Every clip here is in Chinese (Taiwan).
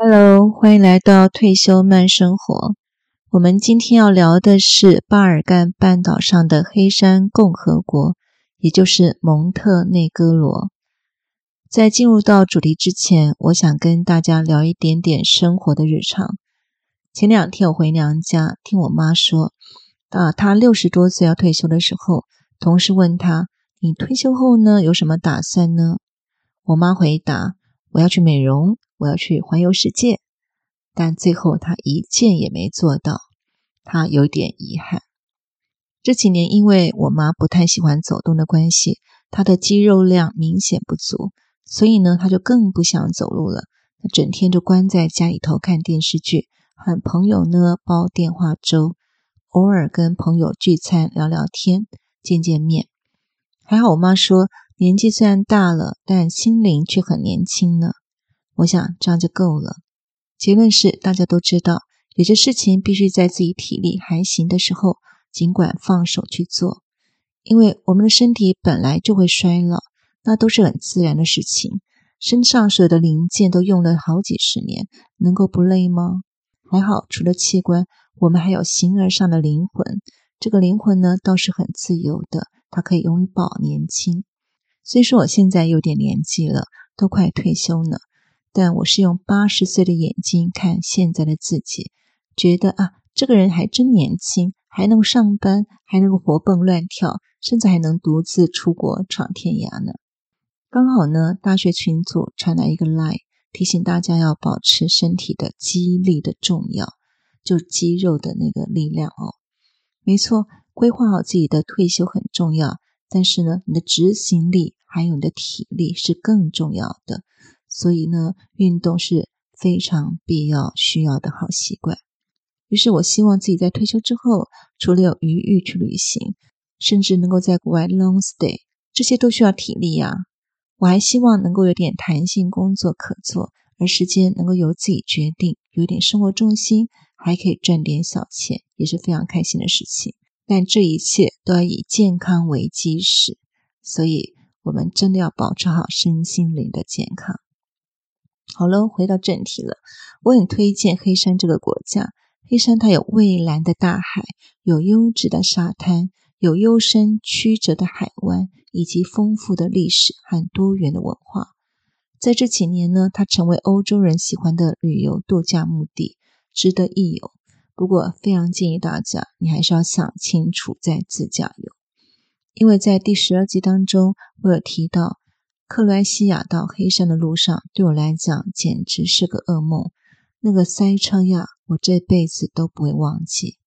Hello，歡迎來到退休慢生活。我們今天要聊的是巴爾幹半島上的黑山共和國，也就是蒙特內哥羅。在進入到主題之前，我想跟大家聊一點點生活的日常。前兩天我回娘家，聽我媽說，啊，她六十多歲要退休的時候，同事問她：“你退休後呢，有什麼打算呢？”我媽回答：“我要去美容。”我要去環遊世界，但最後他一件也沒做到，他有點遺憾。這幾年，因為我媽不太喜歡走動的關係，她的肌肉量明顯不足，所以呢，她就更不想走路了。她整天就關在家裡頭看電視劇，和朋友呢煲電話粥，偶爾跟朋友聚餐聊聊天、見見面。還好，我媽說，年紀雖然大了，但心靈卻很年輕呢。我想這樣就夠了。結論是，大家都知道，有些事情必須在自己體力還行的時候，儘管放手去做，因為我們的身體本來就會衰老，那都是很自然的事情。身上所有的零件都用了好幾十年，能夠不累嗎？還好，除了器官，我們還有形而上的靈魂。這個靈魂呢，倒是很自由的，它可以永葆年輕。雖說我現在有點年紀了，都快退休呢。但我是用八十歲的眼睛看現在的自己，覺得啊，這個人還真年輕，還能上班，還能活蹦亂跳，甚至還能獨自出國闖天涯呢。剛好呢，大學群組傳來一個 LINE，提醒大家要保持身體的肌力的重要，就肌肉的那個力量哦。沒錯，規劃好自己的退休很重要，但是呢，你的執行力還有你的體力是更重要的。所以呢，運動是非常必要、需要的好習慣。於是，我希望自己在退休之後，除了有餘裕去旅行，甚至能夠在國外 long stay，這些都需要體力啊。我還希望能夠有點彈性工作可做，而時間能夠由自己決定，有點生活重心，還可以賺點小錢，也是非常開心的事情。但這一切都要以健康為基石，所以我們真的要保持好身心靈的健康。好嘍，回到正題了。我很推薦黑山這個國家。黑山它有蔚藍的大海，有優質的沙灘，有幽深曲折的海灣，以及豐富的歷史和多元的文化。在這幾年呢，它成為歐洲人喜歡的旅遊度假目的，值得一遊。不過，非常建議大家，你還是要想清楚再自駕遊，因為在第十二集當中，我有提到。克羅埃西亞到黑山的路上，對我來講簡直是個噩夢。那個塞車呀，我這輩子都不會忘記。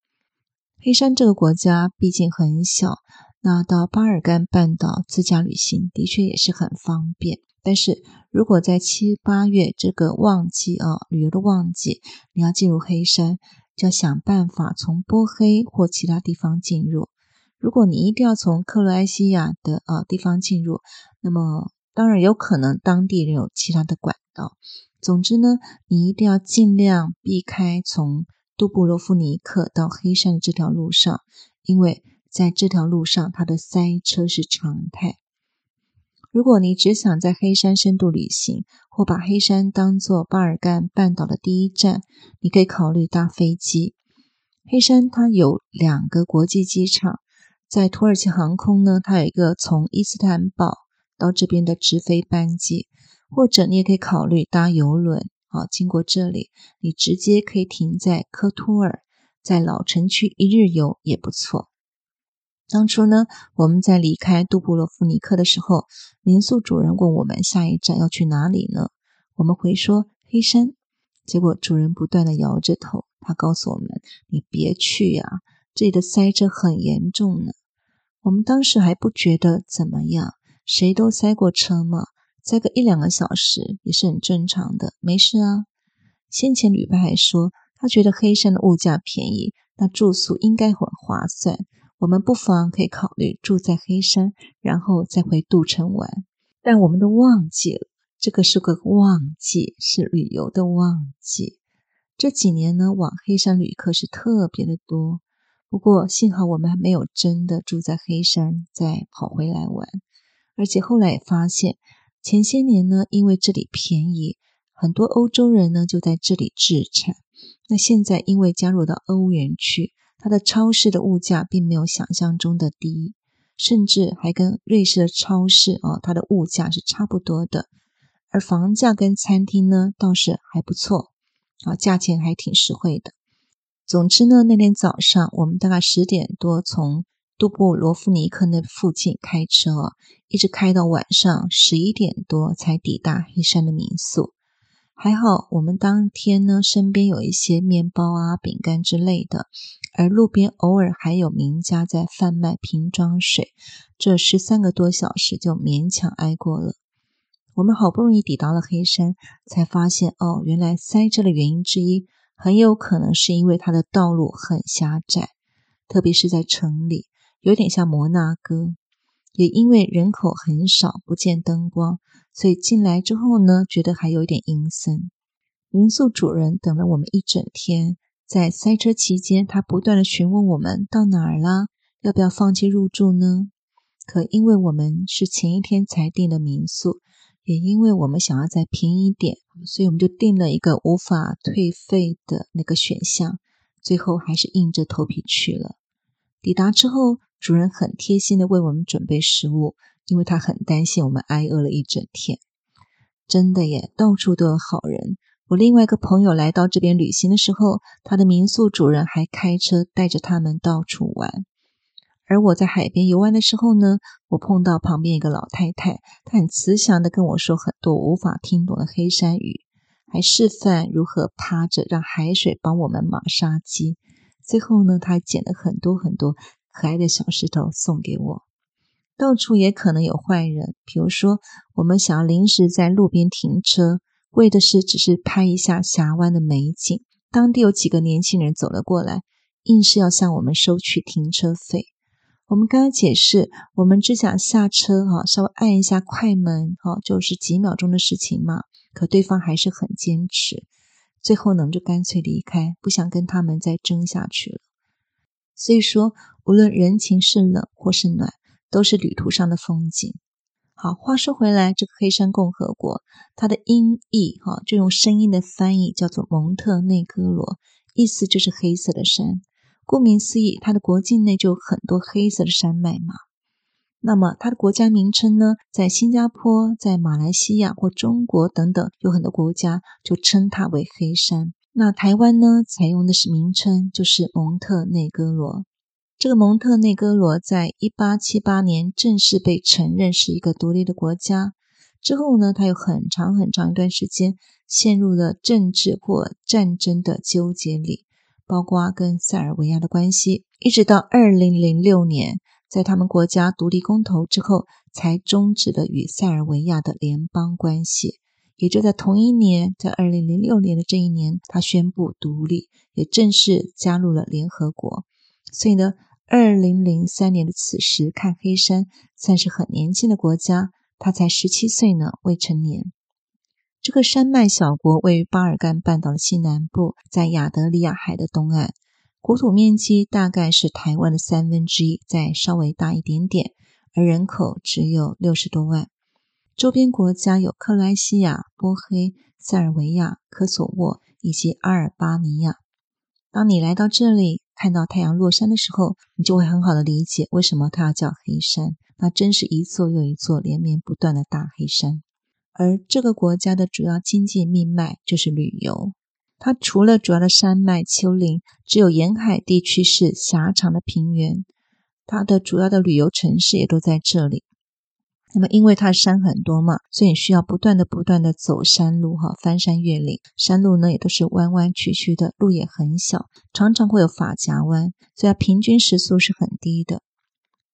黑山這個國家畢竟很小，那到巴爾幹半島自駕旅行的確也是很方便。但是，如果在七八月這個旺季啊、呃，旅遊的旺季，你要進入黑山，就要想辦法從波黑或其他地方進入。如果你一定要從克羅埃西亞的啊、呃，地方進入，那麼。當然有可能當地人有其他的管道，總之呢，你一定要儘量避開從杜布羅夫尼克到黑山的這條路上，因為在這條路上，它的塞車是常態。如果你只想在黑山深度旅行，或把黑山當做巴爾幹半島的第一站，你可以考慮搭飛機。黑山它有兩個國際機場，在土耳其航空呢，它有一個從伊斯坦堡到這邊的直飛班機，或者你也可以考慮搭郵輪啊，經過這裡，你直接可以停在科托爾，在老城區一日遊也不錯。當初呢，我們在離開杜布洛夫尼克的時候，民宿主人問我們下一站要去哪裡呢？我們回說黑山，結果主人不斷的搖着頭，他告訴我們：“你別去呀、啊，這裡的塞車很嚴重呢。”我們當時還不覺得怎麼樣。誰都塞過車嘛，塞個一兩個小時也是很正常的，沒事啊。先前旅伴還說，他覺得黑山的物價便宜，那住宿應該很划算，我們不妨可以考慮住在黑山，然後再回杜城玩。但我們都忘記了，這個是個旺季，是旅遊的旺季。這幾年呢，往黑山旅客是特別的多。不過幸好我們還沒有真的住在黑山，再跑回來玩。而且後來也發現，前些年呢，因為這裡便宜，很多歐洲人呢就在這裡置產。那現在因為加入到歐元區，它的超市的物價並沒有想象中的低，甚至還跟瑞士的超市啊，它的物價是差不多的。而房價跟餐廳呢倒是還不錯，啊，價錢還挺實惠的。總之呢，那天早上我們大概十點多從杜布羅夫尼克那附近開車，一直開到晚上十一點多才抵達黑山的民宿。還好我們當天呢身邊有一些麵包啊、餅乾之類的，而路邊偶爾還有民家在販賣瓶裝水。這十三個多小時就勉強挨過了。我們好不容易抵達了黑山，才發現哦，原來塞車的原因之一很有可能是因為它的道路很狹窄，特別是在城裡。有點像摩納哥，也因為人口很少，不見燈光，所以進來之後呢，覺得還有一點陰森。民宿主人等了我們一整天，在塞車期間，他不斷的詢問我們到哪兒了，要不要放棄入住呢？可因為我們是前一天才訂的民宿，也因為我們想要再便宜一點，所以我們就定了一個無法退費的那個選項，最後還是硬着頭皮去了。抵達之後。主人很貼心的為我們準備食物，因為他很擔心我們挨餓了一整天。真的耶，到處都有好人。我另外一個朋友來到這邊旅行的時候，他的民宿主人還開車帶着他們到處玩。而我在海邊遊玩的時候呢，我碰到旁邊一個老太太，她很慈祥的跟我說很多無法聽懂的黑山語，還示範如何趴着讓海水幫我們馬殺雞。最後呢，她撿了很多很多。可愛的小石頭送給我，到處也可能有壞人。比如說，我們想要臨時在路邊停車，為的是只是拍一下峽灣的美景。當地有幾個年輕人走了過來，硬是要向我們收取停車費。我們剛剛解釋，我們只想下車哈，稍微按一下快門哈，就是幾秒鐘的事情嘛。可對方還是很堅持，最後呢，我們就乾脆離開，不想跟他們再爭下去了。所以說。無論人情是冷或是暖，都是旅途上的風景。好，話說回來，這個黑山共和國，它的音譯哈，哦，就用聲音的翻譯叫做蒙特內哥羅，意思就是黑色的山。顧名思義，它的國境內就有很多黑色的山脈嘛。那麼它的國家名稱呢，在新加坡、在馬來西亞或中國等等，有很多國家就稱它為黑山。那台灣呢，採用的是名稱，就是蒙特內哥羅。這個蒙特內哥羅在一八七八年正式被承認是一個獨立的國家之後呢，他有很長很長一段時間陷入了政治或戰爭的糾結裡，包括跟塞爾維亞的關係，一直到二零零六年，在他們國家獨立公投之後，才終止了與塞爾維亞的聯邦關係。也就在同一年，在二零零六年的這一年，他宣布獨立，也正式加入了聯合國。所以呢。二零零三年的此時，看黑山算是很年輕的國家，他才十七歲呢，未成年。這個山脈小國位於巴爾幹半島的西南部，在亞得里亞海的東岸，國土面積大概是台灣的三分之一，再稍微大一點點，而人口只有六十多萬。周邊國家有克羅埃西亞、波黑、塞爾維亞、科索沃以及阿爾巴尼亞。當你來到這裡，看到太陽落山的時候，你就會很好的理解為什麼它要叫黑山。它真是一座又一座連綿不斷的大黑山。而這個國家的主要經濟命脈就是旅遊。它除了主要的山脈丘陵，只有沿海地區是狹長的平原。它的主要的旅遊城市也都在這裡。那麼，因為它山很多嘛，所以需要不斷的、不斷的走山路哈，翻山越嶺。山路呢也都是彎彎曲曲的，路也很小，常常會有髮夾彎，所以它平均時速是很低的。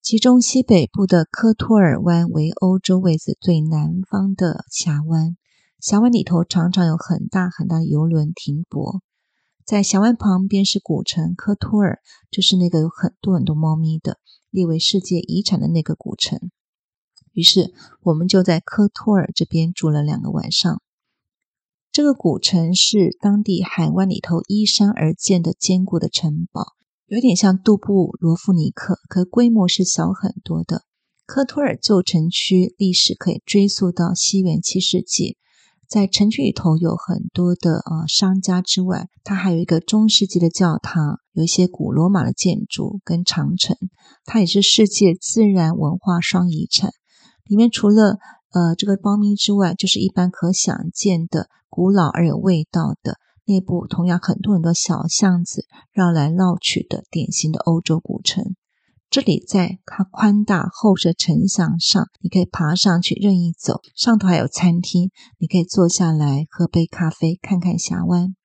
其中西北部的科托爾灣為歐洲位置最南方的峽灣，峽灣裡頭常常有很大很大的郵輪停泊。在峽灣旁邊是古城科托爾，就是那個有很多很多貓咪的，列為世界遺產的那個古城。於是我們就在科托爾這邊住了兩個晚上。這個古城是當地海灣裡頭依山而建的堅固的城堡，有點像杜布羅夫尼克，可規模是小很多的。科托爾舊城區歷史可以追溯到西元七世紀，在城區裡頭有很多的呃商家之外，它還有一個中世紀的教堂，有一些古羅馬的建築跟長城，它也是世界自然文化雙遺產。裡面除了呃這個貓咪之外，就是一般可想見的古老而有味道的內部，同樣很多很多小巷子繞來繞去的典型的歐洲古城。這裡在它寬大厚實的城牆上，你可以爬上去任意走，上頭還有餐廳，你可以坐下來喝杯咖啡，看看峽灣。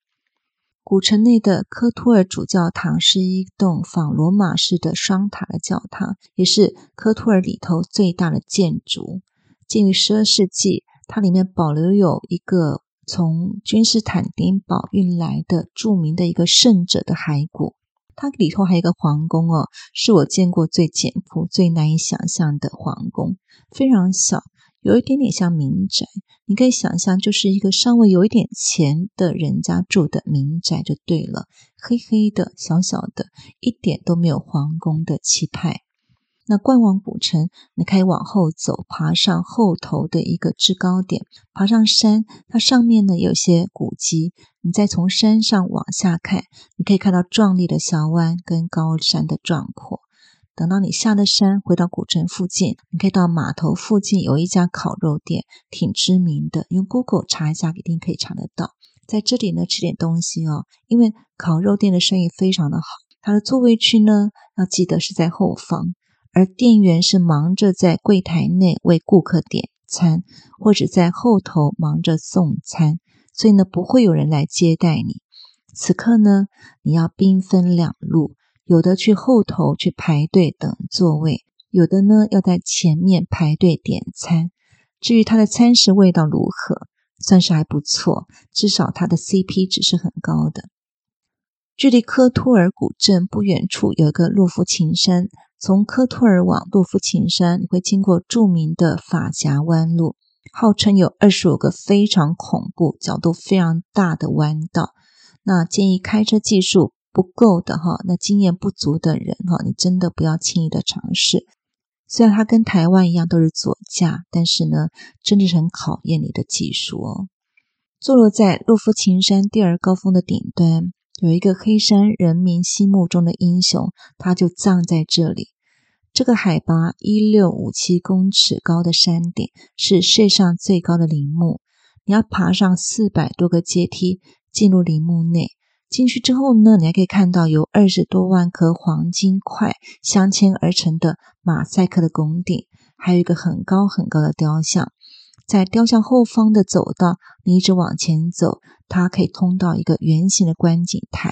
古城內的科托爾主教堂是一棟仿羅馬式的雙塔的教堂，也是科托爾裡頭最大的建築，建於十二世紀。它裡面保留有一個從君士坦丁堡運來的著名的一個聖者的骸骨。它裡頭還有一個皇宮哦，是我見過最簡樸、最難以想象的皇宮，非常小。有一點點像民宅，你可以想象，就是一個稍微有一點錢的人家住的民宅就對了，黑黑的、小小的，一點都沒有皇宮的氣派。那灌王古城，你可以往後走，爬上後頭的一個制高點，爬上山，它上面呢有些古蹟，你再從山上往下看，你可以看到壯麗的峽灣跟高山的壯闊。等到你下了山，回到古城附近，你可以到碼頭附近有一家烤肉店，挺知名的。用 Google 查一下，一定可以查得到。在這裡呢，吃點東西哦，因為烤肉店的生意非常的好。它的座位區呢，要記得是在後方，而店員是忙着在櫃檯內為顧客點餐，或者在後頭忙着送餐，所以呢，不會有人來接待你。此刻呢，你要兵分兩路。有的去後頭去排隊等座位，有的呢要在前面排隊點餐。至於它的餐食味道如何，算是還不錯，至少它的 CP 值是很高的。距離科托爾古鎮不遠處有一個洛夫琴山，從科托爾往洛夫琴山你會經過著名的髮夾彎路，號稱有二十五個非常恐怖、角度非常大的彎道。那建議開車技術不夠的哈，那經驗不足的人哈，你真的不要輕易的嘗試。雖然它跟台灣一樣都是左駕，但是呢，真的是很考驗你的技術哦。坐落在洛夫琴山第二高峰的頂端，有一個黑山人民心目中的英雄，他就葬在這裡。這個海拔一六五七公尺高的山頂，是世界上最高的陵墓，你要爬上四百多個階梯進入陵墓內。進去之後呢，你還可以看到有二十多萬顆黃金塊鑲嵌而成的馬賽克的拱頂，還有一個很高很高的雕像。在雕像後方的走道，你一直往前走，它可以通到一個圓形的觀景台。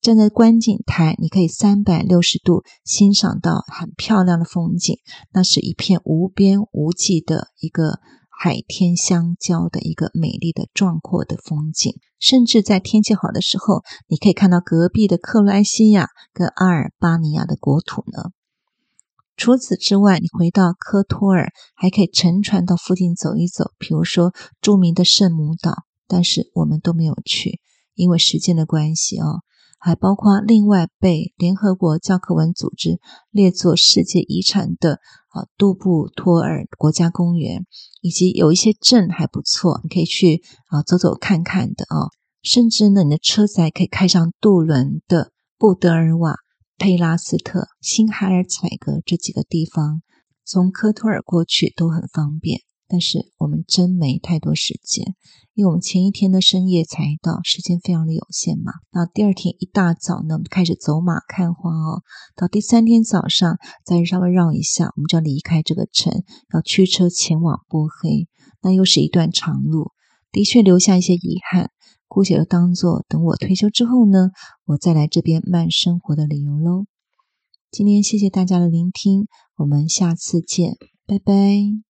站在觀景台，你可以三百六十度欣賞到很漂亮的風景，那是一片無邊無際的一個。海天相交的一個美麗的壯闊的風景，甚至在天氣好的時候，你可以看到隔壁的克羅埃西亞跟阿爾巴尼亞的國土呢。除此之外，你回到科托爾還可以乘船到附近走一走，比如說著名的聖母島，但是我們都沒有去，因為時間的關係哦。還包括另外被聯合國教科文組織列作世界遺產的啊杜布托爾國家公園，以及有一些鎮還不錯，你可以去啊走走看看的啊、哦。甚至呢，你的車子可以開上渡輪的布德爾瓦、佩拉斯特、新海爾采格這幾個地方，從科托爾過去都很方便。但是我們真沒太多時間，因為我們前一天的深夜才到，時間非常的有限嘛。那第二天一大早呢，我們開始走馬看花哦。到第三天早上再稍微繞一下，我們就要離開這個城，要驅車前往波黑。那又是一段長路，的確留下一些遺憾。姑且就當做等我退休之後呢，我再來這邊慢生活的理由嘍。今天謝謝大家的聆聽，我們下次見，拜拜。